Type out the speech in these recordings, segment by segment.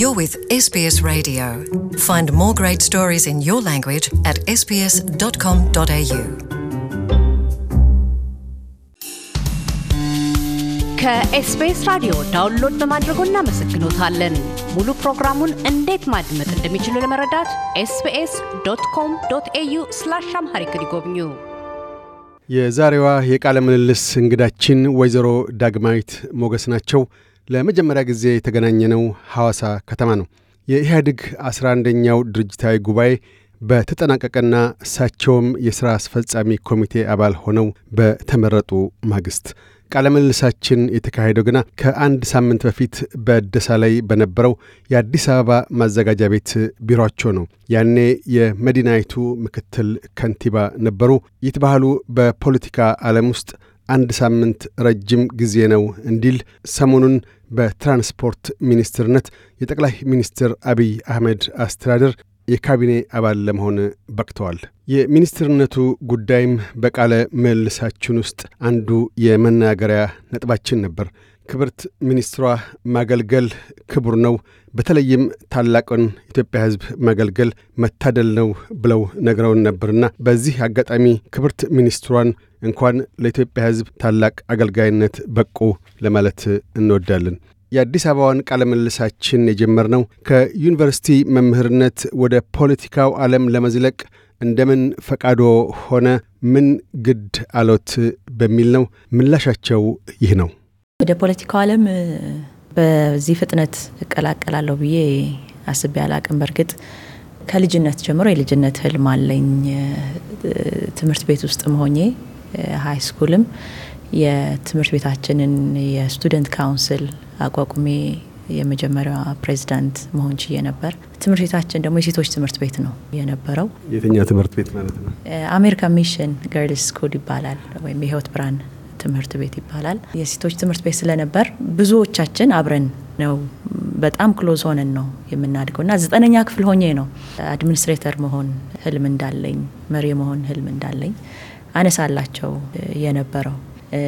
You're with SBS Radio. Find more great stories in your language at sbs.com.au. ከኤስቢኤስ ራዲዮ ዳውንሎድ በማድረጎ እናመሰግኖታለን። ሙሉ ፕሮግራሙን እንዴት ማድመጥ እንደሚችሉ ለመረዳት ኤስቢኤስ ዶት ኮም ዶት ኤዩ ስላሽ አምሃሪክ ይጎብኙ። የዛሬዋ የቃለ ምልልስ እንግዳችን ወይዘሮ ዳግማዊት ሞገስ ናቸው። ለመጀመሪያ ጊዜ የተገናኘነው ሐዋሳ ከተማ ነው። የኢህአዴግ 11ኛው ድርጅታዊ ጉባኤ በተጠናቀቀና እሳቸውም የሥራ አስፈጻሚ ኮሚቴ አባል ሆነው በተመረጡ ማግስት ቃለ ምልልሳችን የተካሄደው ግና ከአንድ ሳምንት በፊት በደሳ ላይ በነበረው የአዲስ አበባ ማዘጋጃ ቤት ቢሮቸው ነው። ያኔ የመዲናይቱ ምክትል ከንቲባ ነበሩ። ይትባህሉ በፖለቲካ ዓለም ውስጥ አንድ ሳምንት ረጅም ጊዜ ነው እንዲል ሰሞኑን በትራንስፖርት ሚኒስትርነት የጠቅላይ ሚኒስትር አብይ አህመድ አስተዳደር የካቢኔ አባል ለመሆን በቅተዋል። የሚኒስትርነቱ ጉዳይም በቃለ መልሳችን ውስጥ አንዱ የመናገሪያ ነጥባችን ነበር። ክብርት ሚኒስትሯ ማገልገል ክቡር ነው፣ በተለይም ታላቁን ኢትዮጵያ ሕዝብ ማገልገል መታደል ነው ብለው ነግረውን ነበርና በዚህ አጋጣሚ ክብርት ሚኒስትሯን እንኳን ለኢትዮጵያ ሕዝብ ታላቅ አገልጋይነት በቁ ለማለት እንወዳለን። የአዲስ አበባውን ቃለ ምልልሳችን የጀመርነው ከዩኒቨርሲቲ መምህርነት ወደ ፖለቲካው ዓለም ለመዝለቅ እንደምን ፈቃዶ ሆነ? ምን ግድ አሎት? በሚል ነው። ምላሻቸው ይህ ነው። ወደ ፖለቲካው አለም በዚህ ፍጥነት እቀላቀላለሁ ብዬ አስቤ አላቅም። በእርግጥ ከልጅነት ጀምሮ የልጅነት ህልም አለኝ። ትምህርት ቤት ውስጥ መሆኜ ሀይ ስኩልም የትምህርት ቤታችንን የስቱደንት ካውንስል አቋቁሜ የመጀመሪያዋ ፕሬዚዳንት መሆን ችዬ ነበር። ትምህርት ቤታችን ደግሞ የሴቶች ትምህርት ቤት ነው የነበረው። የትኛ ትምህርት ቤት ማለት ነው? አሜሪካ ሚሽን ገርልስ ስኩል ይባላል፣ ወይም የህይወት ብርሃን ትምህርት ቤት ይባላል። የሴቶች ትምህርት ቤት ስለነበር ብዙዎቻችን አብረን ነው በጣም ክሎዝ ሆነን ነው የምናድገው እና ዘጠነኛ ክፍል ሆኜ ነው አድሚኒስትሬተር መሆን ህልም እንዳለኝ መሪ መሆን ህልም እንዳለኝ አነሳላቸው የነበረው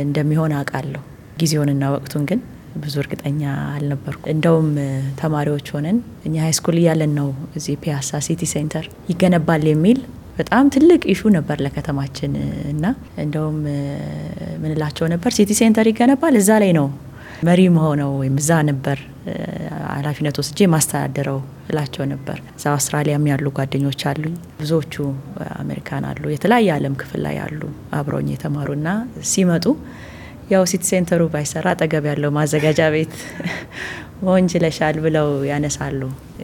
እንደሚሆን አውቃለሁ። ጊዜውንና ወቅቱን ግን ብዙ እርግጠኛ አልነበሩ። እንደውም ተማሪዎች ሆነን እኛ ሃይስኩል እያለን ነው እዚህ ፒያሳ ሲቲ ሴንተር ይገነባል የሚል በጣም ትልቅ ኢሹ ነበር ለከተማችን እና እንደውም ምንላቸው ነበር ሲቲ ሴንተር ይገነባል እዛ ላይ ነው መሪ መሆነው ወይም እዛ ነበር ኃላፊነት ወስጄ ማስተዳደረው እላቸው ነበር። እዛ አውስትራሊያም ያሉ ጓደኞች አሉኝ፣ ብዙዎቹ አሜሪካን አሉ፣ የተለያየ ዓለም ክፍል ላይ ያሉ አብረውኝ የተማሩና ሲመጡ ያው ሲቲ ሴንተሩ ባይሰራ አጠገብ ያለው ማዘጋጃ ቤት ወንጅለሻል ብለው ያነሳሉ።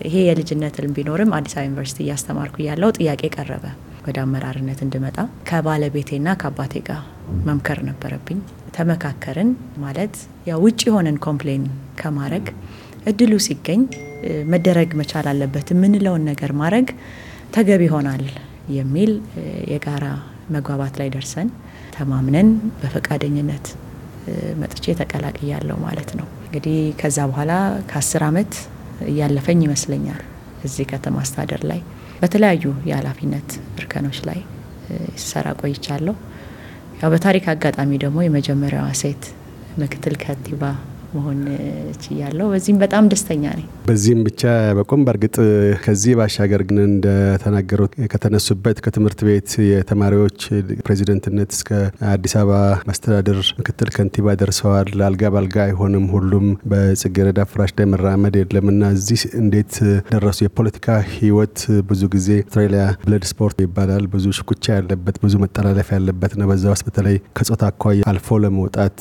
ይሄ የልጅነት ቢኖርም አዲስ አበባ ዩኒቨርሲቲ እያስተማርኩ ያለው ጥያቄ ቀረበ። ወደ አመራርነት እንድመጣ ከባለቤቴና ከአባቴ ጋር መምከር ነበረብኝ። ተመካከርን ማለት ያው ውጭ የሆነን ኮምፕሌን ከማድረግ እድሉ ሲገኝ መደረግ መቻል አለበት የምንለውን ነገር ማድረግ ተገቢ ይሆናል የሚል የጋራ መግባባት ላይ ደርሰን ተማምነን በፈቃደኝነት መጥቼ ተቀላቅያለሁ ማለት ነው። እንግዲህ ከዛ በኋላ ከአስር አመት እያለፈኝ ይመስለኛል እዚህ ከተማ አስተዳደር ላይ በተለያዩ የኃላፊነት እርከኖች ላይ ሰራ ቆይቻለሁ። ያው በታሪክ አጋጣሚ ደግሞ የመጀመሪያዋ ሴት ምክትል ከንቲባ መሆን ችያለሁ። በዚህም በጣም ደስተኛ ነኝ። በዚህም ብቻ በቆም በእርግጥ ከዚህ ባሻገር ግን እንደተናገሩት ከተነሱበት ከትምህርት ቤት የተማሪዎች ፕሬዚደንትነት እስከ አዲስ አበባ መስተዳድር ምክትል ከንቲባ ደርሰዋል። አልጋ ባልጋ አይሆንም፣ ሁሉም በጽጌረዳ ፍራሽ ላይ መራመድ የለም እና እዚህ እንዴት ደረሱ? የፖለቲካ ህይወት ብዙ ጊዜ አውስትራሊያ ብለድ ስፖርት ይባላል። ብዙ ሽኩቻ ያለበት ብዙ መጠላለፍ ያለበት ነው። በዛ ውስጥ በተለይ ከጾታ አኳያ አልፎ ለመውጣት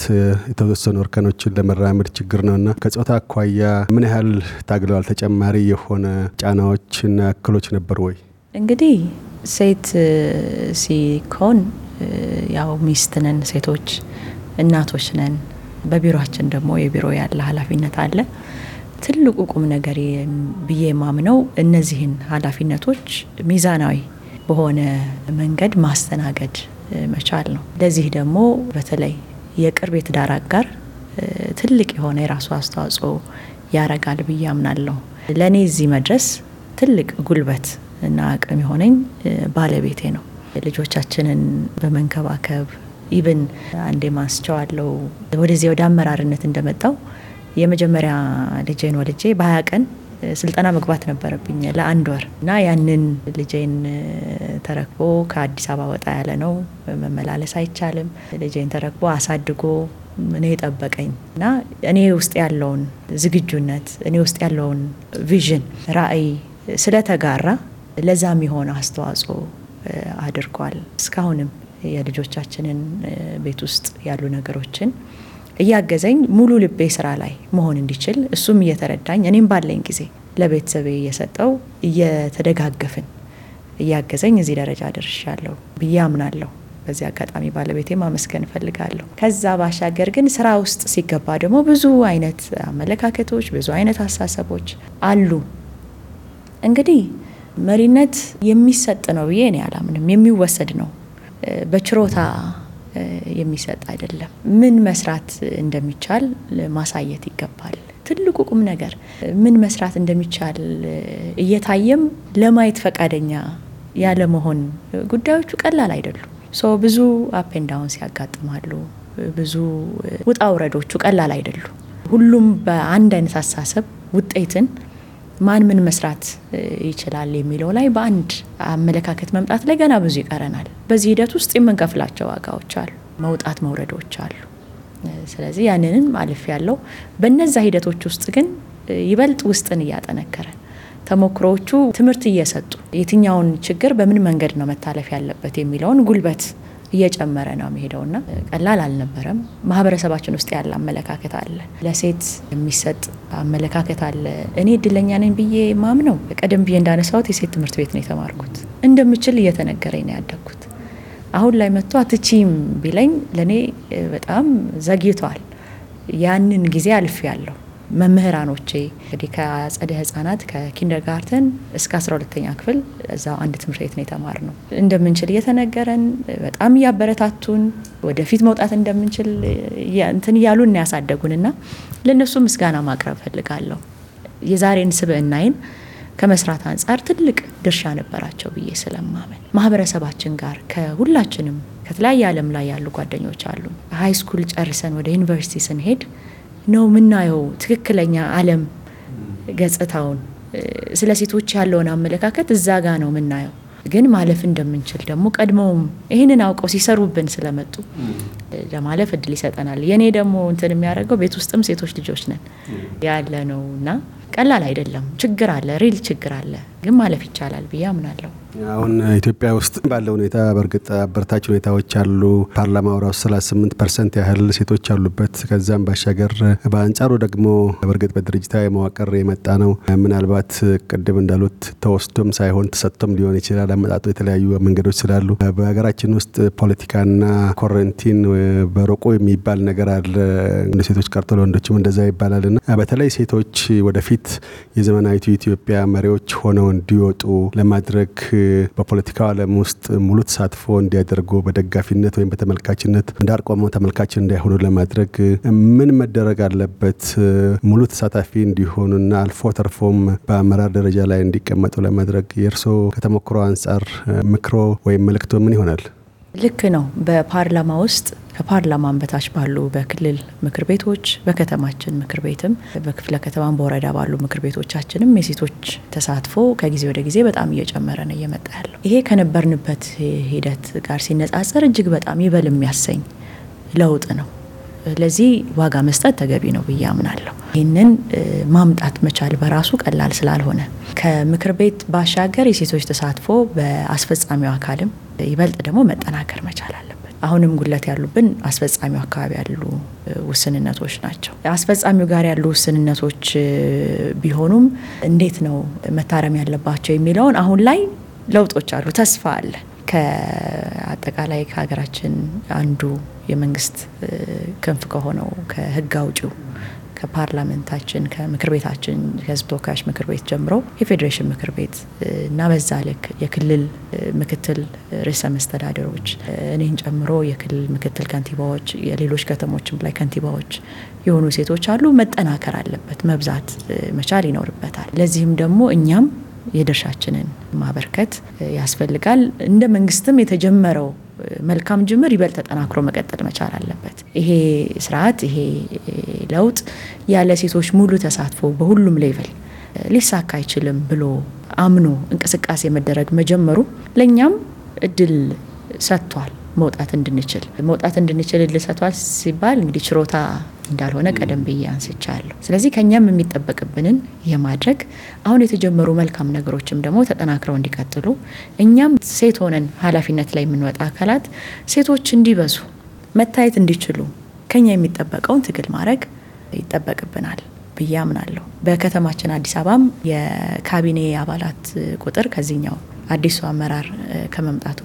የተወሰኑ እርከኖችን ለመራመድ የተለመደ ችግር ነው እና ከጾታ አኳያ ምን ያህል ታግለዋል? ተጨማሪ የሆነ ጫናዎችና እክሎች ነበሩ ወይ? እንግዲህ ሴት ሲኮን ያው ሚስት ነን፣ ሴቶች እናቶች ነን። በቢሮችን ደግሞ የቢሮ ያለ ኃላፊነት አለ። ትልቁ ቁም ነገር ብዬ ማምነው እነዚህን ኃላፊነቶች ሚዛናዊ በሆነ መንገድ ማስተናገድ መቻል ነው። ለዚህ ደግሞ በተለይ የቅርብ የትዳር አጋር ትልቅ የሆነ የራሱ አስተዋጽኦ ያረጋል ብዬ አምናለሁ። ለእኔ እዚህ መድረስ ትልቅ ጉልበት እና አቅም የሆነኝ ባለቤቴ ነው። ልጆቻችንን በመንከባከብ ኢብን አንዴ ማስቸዋለው ወደዚህ ወደ አመራርነት እንደመጣው የመጀመሪያ ልጄን ወልጄ በሀያ ቀን ስልጠና መግባት ነበረብኝ ለአንድ ወር እና ያንን ልጄን ተረክቦ ከአዲስ አበባ ወጣ ያለ ነው፣ መመላለስ አይቻልም። ልጄን ተረክቦ አሳድጎ እኔ የጠበቀኝ እና እኔ ውስጥ ያለውን ዝግጁነት እኔ ውስጥ ያለውን ቪዥን ራዕይ ስለተጋራ ለዛ የሆነ አስተዋጽኦ አድርጓል። እስካሁንም የልጆቻችንን ቤት ውስጥ ያሉ ነገሮችን እያገዘኝ ሙሉ ልቤ ስራ ላይ መሆን እንዲችል እሱም እየተረዳኝ እኔም ባለኝ ጊዜ ለቤተሰቤ እየሰጠው እየተደጋገፍን እያገዘኝ እዚህ ደረጃ ደርሻለሁ ብዬ አምናለሁ። በዚህ አጋጣሚ ባለቤቴ ማመስገን እፈልጋለሁ። ከዛ ባሻገር ግን ስራ ውስጥ ሲገባ ደግሞ ብዙ አይነት አመለካከቶች፣ ብዙ አይነት አሳሰቦች አሉ። እንግዲህ መሪነት የሚሰጥ ነው ብዬ እኔ አላምንም። የሚወሰድ ነው፣ በችሮታ የሚሰጥ አይደለም። ምን መስራት እንደሚቻል ማሳየት ይገባል። ትልቁ ቁም ነገር ምን መስራት እንደሚቻል እየታየም ለማየት ፈቃደኛ ያለመሆን ጉዳዮቹ ቀላል አይደሉም። ሶ ብዙ አፕ ዳውን ሲያጋጥማሉ ያጋጥማሉ። ብዙ ውጣ ውረዶቹ ቀላል አይደሉ። ሁሉም በአንድ አይነት አሳሰብ ውጤትን ማን ምን መስራት ይችላል የሚለው ላይ በአንድ አመለካከት መምጣት ላይ ገና ብዙ ይቀረናል። በዚህ ሂደት ውስጥ የምንከፍላቸው ዋጋዎች አሉ፣ መውጣት መውረዶች አሉ። ስለዚህ ያንንም አልፍ ያለው በነዛ ሂደቶች ውስጥ ግን ይበልጥ ውስጥን እያጠነከረን ተሞክሮዎቹ ትምህርት እየሰጡ የትኛውን ችግር በምን መንገድ ነው መታለፍ ያለበት የሚለውን ጉልበት እየጨመረ ነው የሚሄደውና ቀላል አልነበረም። ማህበረሰባችን ውስጥ ያለ አመለካከት አለ፣ ለሴት የሚሰጥ አመለካከት አለ። እኔ እድለኛ ነኝ ብዬ ማምነው ቀደም ብዬ እንዳነሳሁት የሴት ትምህርት ቤት ነው የተማርኩት። እንደምችል እየተነገረኝ ነው ያደግኩት። አሁን ላይ መጥቶ አትቺም ቢለኝ ለእኔ በጣም ዘግይቷል። ያንን ጊዜ አልፍ ያለው መምህራኖቼ እንግዲህ ከአጸደ ህጻናት ከኪንደርጋርተን እስከ 12ተኛ ክፍል እዛ አንድ ትምህርት ቤት ነው ነው። እንደምንችል እየተነገረን በጣም እያበረታቱን ወደፊት መውጣት እንደምንችል እንትን እያሉን ያሳደጉንና ለእነሱ ምስጋና ማቅረብ ፈልጋለሁ። የዛሬን ስብዕናዬን ከመስራት አንጻር ትልቅ ድርሻ ነበራቸው ብዬ ስለማመን ማህበረሰባችን ጋር ከሁላችንም ከተለያየ ዓለም ላይ ያሉ ጓደኞች አሉ። ሀይ ስኩል ጨርሰን ወደ ዩኒቨርሲቲ ስንሄድ ነው የምናየው ትክክለኛ አለም ገጽታውን። ስለ ሴቶች ያለውን አመለካከት እዛ ጋ ነው የምናየው። ግን ማለፍ እንደምንችል ደግሞ ቀድመውም ይህንን አውቀው ሲሰሩብን ስለመጡ ለማለፍ እድል ይሰጠናል። የኔ ደግሞ እንትን የሚያደርገው ቤት ውስጥም ሴቶች ልጆች ነን ያለ ነው እና ቀላል አይደለም። ችግር አለ፣ ሪል ችግር አለ፣ ግን ማለፍ ይቻላል ብዬ አምናለሁ። አሁን ኢትዮጵያ ውስጥ ባለው ሁኔታ በእርግጥ አበርታች ሁኔታዎች አሉ። ፓርላማው ራሱ 38 ፐርሰንት ያህል ሴቶች አሉበት። ከዛም ባሻገር በአንጻሩ ደግሞ በእርግጥ በድርጅታዊ መዋቅር የመጣ ነው። ምናልባት ቅድም እንዳሉት ተወስዶም ሳይሆን ተሰጥቶም ሊሆን ይችላል። አመጣጡ የተለያዩ መንገዶች ስላሉ በሀገራችን ውስጥ ፖለቲካና ኮረንቲን በሮቆ የሚባል ነገር አለ። ሴቶች ቀርቶ ለወንዶችም እንደዛ ይባላል ና በተለይ ሴቶች ወደፊት የዘመናዊቱ ኢትዮጵያ መሪዎች ሆነው እንዲወጡ ለማድረግ በፖለቲካው ዓለም ውስጥ ሙሉ ተሳትፎ እንዲያደርጉ በደጋፊነት ወይም በተመልካችነት ዳር ተመልካች እንዳይሆኑ ለማድረግ ምን መደረግ አለበት? ሙሉ ተሳታፊ እንዲሆኑና አልፎ ተርፎም በአመራር ደረጃ ላይ እንዲቀመጡ ለማድረግ የእርስዎ ከተሞክሮ አንጻር ምክሮ ወይም መልእክቶ ምን ይሆናል? ልክ ነው። በፓርላማ ውስጥ ከፓርላማን በታች ባሉ በክልል ምክር ቤቶች፣ በከተማችን ምክር ቤትም፣ በክፍለ ከተማን በወረዳ ባሉ ምክር ቤቶቻችንም የሴቶች ተሳትፎ ከጊዜ ወደ ጊዜ በጣም እየጨመረ ነው እየመጣ ያለው። ይሄ ከነበርንበት ሂደት ጋር ሲነጻጸር እጅግ በጣም ይበል የሚያሰኝ ለውጥ ነው። ለዚህ ዋጋ መስጠት ተገቢ ነው ብዬ አምናለሁ። ይህንን ማምጣት መቻል በራሱ ቀላል ስላልሆነ ከምክር ቤት ባሻገር የሴቶች ተሳትፎ በአስፈጻሚው አካልም ይበልጥ ደግሞ መጠናከር መቻል አለበት። አሁንም ጉለት ያሉብን አስፈጻሚው አካባቢ ያሉ ውስንነቶች ናቸው። አስፈጻሚው ጋር ያሉ ውስንነቶች ቢሆኑም እንዴት ነው መታረም ያለባቸው የሚለውን አሁን ላይ ለውጦች አሉ፣ ተስፋ አለ። ከአጠቃላይ ከሀገራችን አንዱ የመንግስት ክንፍ ከሆነው ከህግ አውጪው ከፓርላመንታችን ከምክር ቤታችን ከህዝብ ተወካዮች ምክር ቤት ጀምሮ የፌዴሬሽን ምክር ቤት እና በዛ ልክ የክልል ምክትል ርዕሰ መስተዳደሮች እኔን ጨምሮ የክልል ምክትል ከንቲባዎች፣ የሌሎች ከተሞችም ላይ ከንቲባዎች የሆኑ ሴቶች አሉ። መጠናከር አለበት፣ መብዛት መቻል ይኖርበታል። ለዚህም ደግሞ እኛም የድርሻችንን ማበርከት ያስፈልጋል። እንደ መንግስትም የተጀመረው መልካም ጅምር ይበልጥ ተጠናክሮ መቀጠል መቻል አለበት። ይሄ ስርዓት ይሄ ለውጥ ያለ ሴቶች ሙሉ ተሳትፎ በሁሉም ሌቨል ሊሳካ አይችልም ብሎ አምኖ እንቅስቃሴ መደረግ መጀመሩ ለእኛም እድል ሰጥቷል። መውጣት እንድንችል መውጣት እንድንችል ልሰቷል ሲባል እንግዲህ ችሮታ እንዳልሆነ ቀደም ብዬ አንስቻለሁ። ስለዚህ ከኛም የሚጠበቅብንን የማድረግ አሁን የተጀመሩ መልካም ነገሮችም ደግሞ ተጠናክረው እንዲቀጥሉ እኛም ሴት ሆነን ኃላፊነት ላይ የምንወጣ አካላት ሴቶች እንዲበዙ መታየት እንዲችሉ ከኛ የሚጠበቀውን ትግል ማድረግ ይጠበቅብናል ብዬ አምናለሁ። በከተማችን አዲስ አበባም የካቢኔ አባላት ቁጥር ከዚህኛው አዲሱ አመራር ከመምጣቱ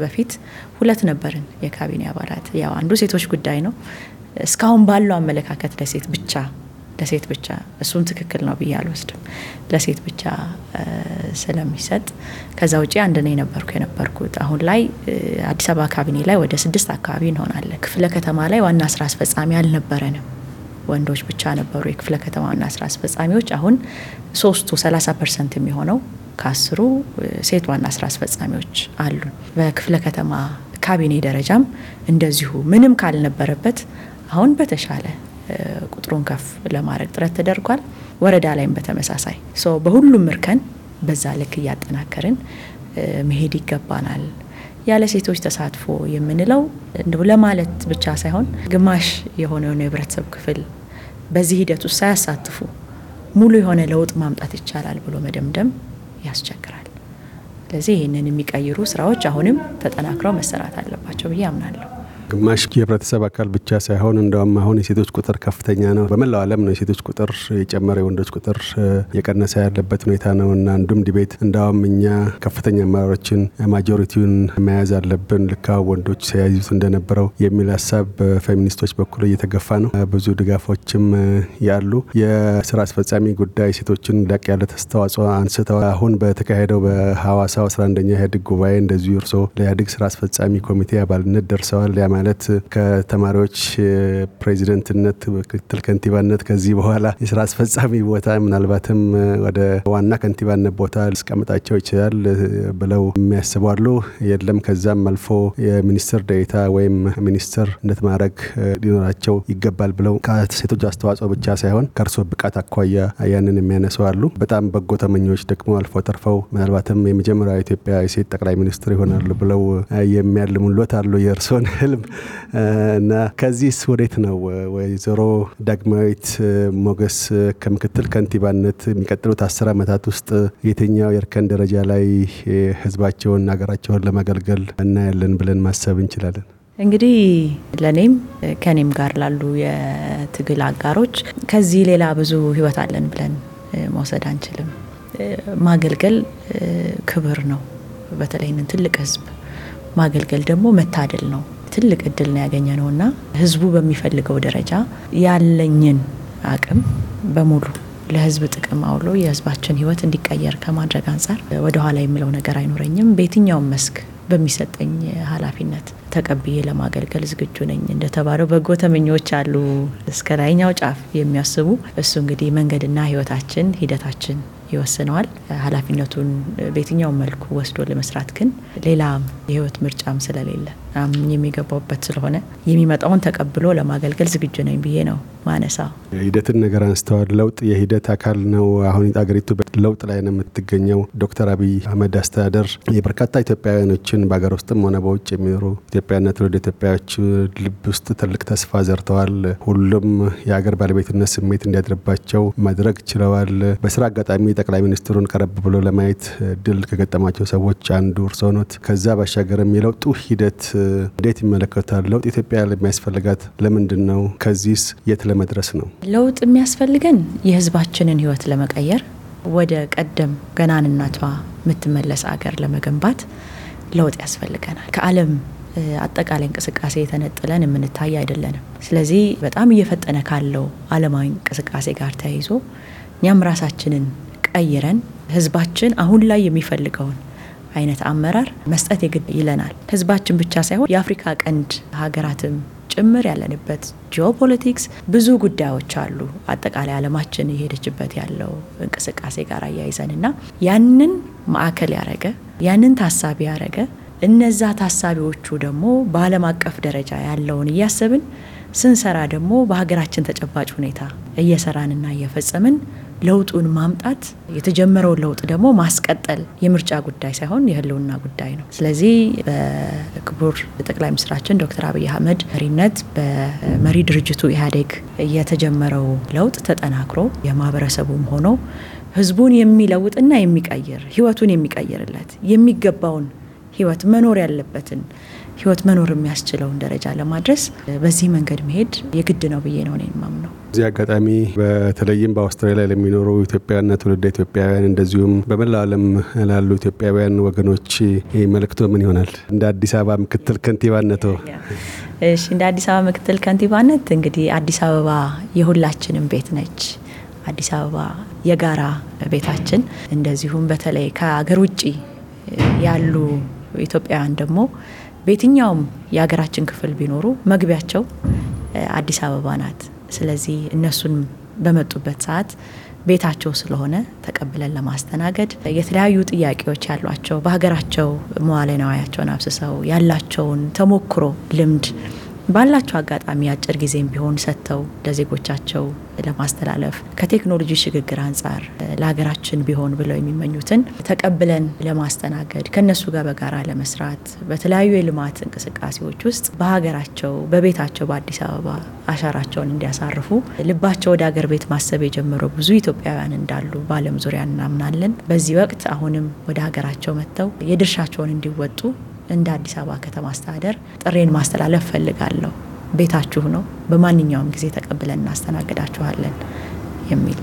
በፊት ሁለት ነበርን የካቢኔ አባላት። ያው አንዱ ሴቶች ጉዳይ ነው። እስካሁን ባለው አመለካከት ለሴት ብቻ ለሴት ብቻ እሱም ትክክል ነው ብዬ አልወስድም። ለሴት ብቻ ስለሚሰጥ ከዛ ውጪ አንድ ነው የነበርኩ የነበርኩት። አሁን ላይ አዲስ አበባ ካቢኔ ላይ ወደ ስድስት አካባቢ እንሆናለን። ክፍለ ከተማ ላይ ዋና ስራ አስፈጻሚ አልነበረንም። ወንዶች ብቻ ነበሩ የክፍለ ከተማ ዋና ስራ አስፈጻሚዎች። አሁን ሶስቱ ሰላሳ ፐርሰንት የሚሆነው ከአስሩ ሴት ዋና ስራ አስፈጻሚዎች አሉ። በክፍለ ከተማ ካቢኔ ደረጃም እንደዚሁ ምንም ካልነበረበት አሁን በተሻለ ቁጥሩን ከፍ ለማድረግ ጥረት ተደርጓል። ወረዳ ላይም በተመሳሳይ በሁሉም እርከን በዛ ልክ እያጠናከርን መሄድ ይገባናል። ያለ ሴቶች ተሳትፎ የምንለው እንደው ለማለት ብቻ ሳይሆን ግማሽ የሆነውን የህብረተሰብ ክፍል በዚህ ሂደት ውስጥ ሳያሳትፉ ሙሉ የሆነ ለውጥ ማምጣት ይቻላል ብሎ መደምደም ያስቸግራል። ስለዚህ ይህንን የሚቀይሩ ስራዎች አሁንም ተጠናክረው መሰራት አለባቸው ብዬ አምናለሁ። ግማሽ የህብረተሰብ አካል ብቻ ሳይሆን እንደውም አሁን የሴቶች ቁጥር ከፍተኛ ነው። በመላው ዓለም ነው የሴቶች ቁጥር የጨመረ የወንዶች ቁጥር የቀነሰ ያለበት ሁኔታ ነው እና አንዱም ዲቤት እንደም እኛ ከፍተኛ አመራሮችን ማጆሪቲውን መያዝ አለብን፣ ልካ ወንዶች ሲያይዙት እንደነበረው የሚል ሀሳብ በፌሚኒስቶች በኩል እየተገፋ ነው። ብዙ ድጋፎችም ያሉ የስራ አስፈጻሚ ጉዳይ ሴቶችን ላቅ ያለ ተስተዋጽኦ አንስተዋል። አሁን በተካሄደው በሐዋሳው 11ኛ ኢህአዴግ ጉባኤ እንደዚሁ እርሶ ለኢህአዴግ ስራ አስፈጻሚ ኮሚቴ አባልነት ደርሰዋል። ማለት ከተማሪዎች ፕሬዚደንትነት፣ ምክትል ከንቲባነት ከዚህ በኋላ የስራ አስፈጻሚ ቦታ ምናልባትም ወደ ዋና ከንቲባነት ቦታ ሊያስቀምጣቸው ይችላል ብለው የሚያስቡ አሉ። የለም ከዛም አልፎ የሚኒስትር ዴኤታ ወይም ሚኒስትርነት ማድረግ ሊኖራቸው ይገባል ብለው ከሴቶች አስተዋጽኦ ብቻ ሳይሆን ከእርሶ ብቃት አኳያ ያንን የሚያነሱ አሉ። በጣም በጎ ተመኞች ደግሞ አልፎ ተርፈው ምናልባትም የመጀመሪያ ኢትዮጵያ የሴት ጠቅላይ ሚኒስትር ይሆናሉ ብለው የሚያልሙሎት አሉ። የእርሶን ህልም እና ከዚህስ ወዴት ነው ወይዘሮ ዳግማዊት ሞገስ ከምክትል ከንቲባነት የሚቀጥሉት አስር ዓመታት ውስጥ የትኛው የእርከን ደረጃ ላይ ህዝባቸውን ሀገራቸውን ለማገልገል እናያለን ብለን ማሰብ እንችላለን? እንግዲህ ለእኔም ከኔም ጋር ላሉ የትግል አጋሮች ከዚህ ሌላ ብዙ ህይወት አለን ብለን መውሰድ አንችልም። ማገልገል ክብር ነው። በተለይ ትልቅ ህዝብ ማገልገል ደግሞ መታደል ነው። ትልቅ እድል ነው ያገኘ ነው እና ህዝቡ በሚፈልገው ደረጃ ያለኝን አቅም በሙሉ ለህዝብ ጥቅም አውሎ የህዝባችን ህይወት እንዲቀየር ከማድረግ አንጻር ወደኋላ የምለው ነገር አይኖረኝም። በየትኛውም መስክ በሚሰጠኝ ኃላፊነት ተቀብዬ ለማገልገል ዝግጁ ነኝ። እንደተባለው በጎ ተመኞች አሉ እስከ ላይኛው ጫፍ የሚያስቡ እሱ እንግዲህ መንገድና ህይወታችን ሂደታችን ይወስነዋል። ኃላፊነቱን በየትኛውም መልኩ ወስዶ ለመስራት ግን ሌላ የህይወት ምርጫም ስለሌለ የሚገባውበት ስለሆነ የሚመጣውን ተቀብሎ ለማገልገል ዝግጁ ነኝ ብዬ ነው ማነሳ። ሂደትን ነገር አንስተዋል። ለውጥ የሂደት አካል ነው። አሁን አገሪቱ ለውጥ ላይ ነው የምትገኘው። ዶክተር አብይ አህመድ አስተዳደር የበርካታ ኢትዮጵያውያኖችን በሀገር ውስጥም ሆነ በውጭ የሚኖሩ ኢትዮጵያና ትውልደ ኢትዮጵያዎች ልብ ውስጥ ትልቅ ተስፋ ዘርተዋል። ሁሉም የሀገር ባለቤትነት ስሜት እንዲያድርባቸው ማድረግ ችለዋል። በስራ አጋጣሚ ጠቅላይ ሚኒስትሩን ቀረብ ብሎ ለማየት ድል ከገጠማቸው ሰዎች አንዱ እርስዎ ኖት። ከዛ ባሻገርም የለውጡ ሂደት እንዴት ይመለከታል? ለውጥ ኢትዮጵያ የሚያስፈልጋት ለምንድን ነው? ከዚህስ የት ለመድረስ ነው? ለውጥ የሚያስፈልገን የህዝባችንን ህይወት ለመቀየር ወደ ቀደም ገናንነቷ የምትመለስ አገር ለመገንባት ለውጥ ያስፈልገናል። ከዓለም አጠቃላይ እንቅስቃሴ የተነጥለን የምንታይ አይደለንም። ስለዚህ በጣም እየፈጠነ ካለው ዓለማዊ እንቅስቃሴ ጋር ተያይዞ እኛም ራሳችንን ቀይረን ህዝባችን አሁን ላይ የሚፈልገውን አይነት አመራር መስጠት የግድ ይለናል። ህዝባችን ብቻ ሳይሆን የአፍሪካ ቀንድ ሀገራትም ጭምር ያለንበት ጂኦፖለቲክስ ብዙ ጉዳዮች አሉ። አጠቃላይ ዓለማችን የሄደችበት ያለው እንቅስቃሴ ጋር አያይዘንና ያንን ማዕከል ያረገ ያንን ታሳቢ ያረገ እነዛ ታሳቢዎቹ ደግሞ በዓለም አቀፍ ደረጃ ያለውን እያሰብን ስንሰራ ደግሞ በሀገራችን ተጨባጭ ሁኔታ እየሰራንና እየፈጸምን ለውጡን ማምጣት የተጀመረውን ለውጥ ደግሞ ማስቀጠል የምርጫ ጉዳይ ሳይሆን የህልውና ጉዳይ ነው። ስለዚህ በክቡር ጠቅላይ ሚኒስትራችን ዶክተር አብይ አህመድ መሪነት በመሪ ድርጅቱ ኢህአዴግ የተጀመረው ለውጥ ተጠናክሮ የማህበረሰቡም ሆኖ ህዝቡን የሚለውጥና የሚቀይር ህይወቱን የሚቀይርለት የሚገባውን ህይወት መኖር ያለበትን ህይወት መኖር የሚያስችለውን ደረጃ ለማድረስ በዚህ መንገድ መሄድ የግድ ነው ብዬ ነው ነው የማምነው። እዚህ አጋጣሚ በተለይም በአውስትራሊያ ለሚኖሩ ኢትዮጵያውያንና ትውልደ ኢትዮጵያውያን እንደዚሁም በመላው ዓለም ላሉ ኢትዮጵያውያን ወገኖች መልእክቶ ምን ይሆናል? እንደ አዲስ አበባ ምክትል ከንቲባነቶ። እሺ፣ እንደ አዲስ አበባ ምክትል ከንቲባነት እንግዲህ አዲስ አበባ የሁላችንም ቤት ነች። አዲስ አበባ የጋራ ቤታችን፣ እንደዚሁም በተለይ ከሀገር ውጭ ያሉ ኢትዮጵያውያን ደግሞ በየትኛውም የሀገራችን ክፍል ቢኖሩ መግቢያቸው አዲስ አበባ ናት። ስለዚህ እነሱን በመጡበት ሰዓት ቤታቸው ስለሆነ ተቀብለን ለማስተናገድ የተለያዩ ጥያቄዎች ያሏቸው በሀገራቸው መዋለ ንዋያቸውን አብስሰው ያላቸውን ተሞክሮ ልምድ ባላቸው አጋጣሚ አጭር ጊዜም ቢሆን ሰጥተው ለዜጎቻቸው ለማስተላለፍ ከቴክኖሎጂ ሽግግር አንጻር ለሀገራችን ቢሆን ብለው የሚመኙትን ተቀብለን ለማስተናገድ ከነሱ ጋር በጋራ ለመስራት በተለያዩ የልማት እንቅስቃሴዎች ውስጥ በሀገራቸው በቤታቸው በአዲስ አበባ አሻራቸውን እንዲያሳርፉ ልባቸው ወደ ሀገር ቤት ማሰብ የጀመረው ብዙ ኢትዮጵያውያን እንዳሉ በዓለም ዙሪያ እናምናለን። በዚህ ወቅት አሁንም ወደ ሀገራቸው መጥተው የድርሻቸውን እንዲወጡ እንደ አዲስ አበባ ከተማ አስተዳደር ጥሬን ማስተላለፍ ፈልጋለሁ። ቤታችሁ ነው፣ በማንኛውም ጊዜ ተቀብለን እናስተናግዳችኋለን የሚል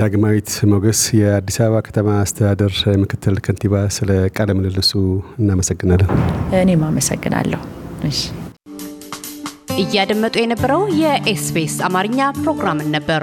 ዳግማዊት ሞገስ የአዲስ አበባ ከተማ አስተዳደር ምክትል ከንቲባ፣ ስለ ቃለ ምልልሱ እናመሰግናለን። እኔም አመሰግናለሁ። እሺ እያደመጡ የነበረው የኤስቢኤስ አማርኛ ፕሮግራምን ነበር።